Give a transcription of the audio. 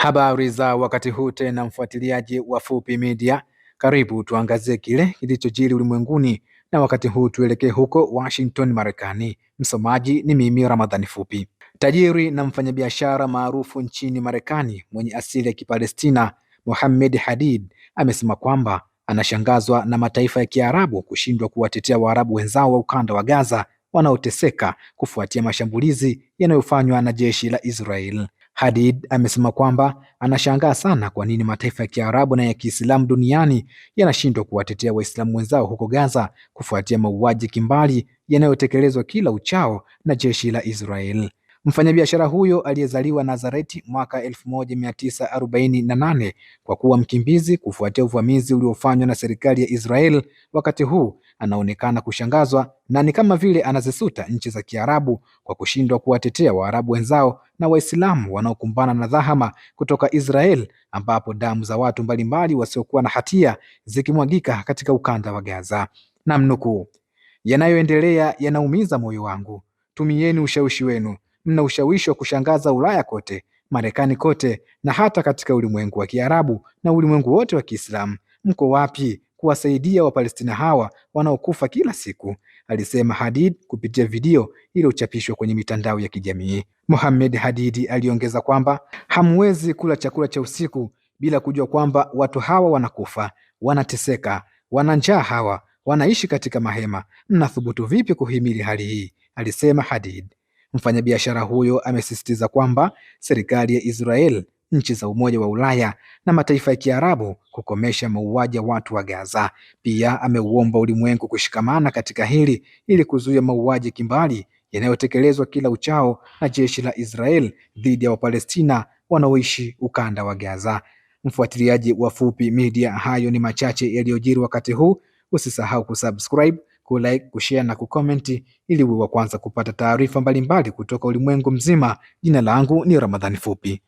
Habari za wakati huu tena, mfuatiliaji wa Fupi Media, karibu tuangazie kile kilichojiri ulimwenguni, na wakati huu tuelekee huko Washington, Marekani. Msomaji ni mimi Ramadhani Fupi. Tajiri na mfanyabiashara maarufu nchini Marekani mwenye asili ya Kipalestina, Mohamed Hadid amesema kwamba anashangazwa na mataifa ya Kiarabu kushindwa kuwatetea Waarabu wenzao wa ukanda wa Gaza wanaoteseka kufuatia mashambulizi yanayofanywa na jeshi la Israel. Hadid amesema kwamba anashangaa sana kwa nini mataifa ya Kiarabu na ya Kiislamu duniani yanashindwa kuwatetea Waislamu wenzao huko Gaza kufuatia mauaji kimbali yanayotekelezwa kila uchao na jeshi la Israel. Mfanyabiashara huyo aliyezaliwa Nazareti mwaka 1948 kwa kuwa mkimbizi kufuatia uvamizi uliofanywa na serikali ya Israel wakati huu, anaonekana kushangazwa na ni kama vile anazisuta nchi za Kiarabu kwa kushindwa kuwatetea Waarabu wenzao na Waislamu wanaokumbana na dhahama kutoka Israel, ambapo damu za watu mbalimbali wasiokuwa na hatia zikimwagika katika ukanda wa Gaza. Namnukuu, yanayoendelea yanaumiza moyo wangu. Tumieni ushawishi wenu mna ushawishi wa kushangaza Ulaya kote, Marekani kote na hata katika ulimwengu wa Kiarabu na ulimwengu wote wa Kiislamu. Mko wapi kuwasaidia Wapalestina hawa wanaokufa kila siku? Alisema Hadid kupitia video iliyochapishwa kwenye mitandao ya kijamii. Mohamed Hadidi aliongeza kwamba hamwezi kula chakula cha usiku bila kujua kwamba watu hawa wanakufa, wanateseka, wana njaa, hawa wanaishi katika mahema. Mnathubutu vipi kuhimili hali hii? Alisema Hadid. Mfanyabiashara huyo amesisitiza kwamba serikali ya Israel, nchi za Umoja wa Ulaya na mataifa ya Kiarabu kukomesha mauaji ya watu wa Gaza. Pia ameuomba ulimwengu kushikamana katika hili ili kuzuia mauaji kimbali yanayotekelezwa kila uchao na jeshi la Israel dhidi ya Wapalestina wanaoishi ukanda wa Gaza. Mfuatiliaji wa Fupi Media, hayo ni machache yaliyojiri wakati huu. Usisahau kusubscribe kulike, kushare na kukomenti ili uwe wa kwanza kupata taarifa mbalimbali kutoka ulimwengu mzima. Jina langu ni Ramadhani Fupi.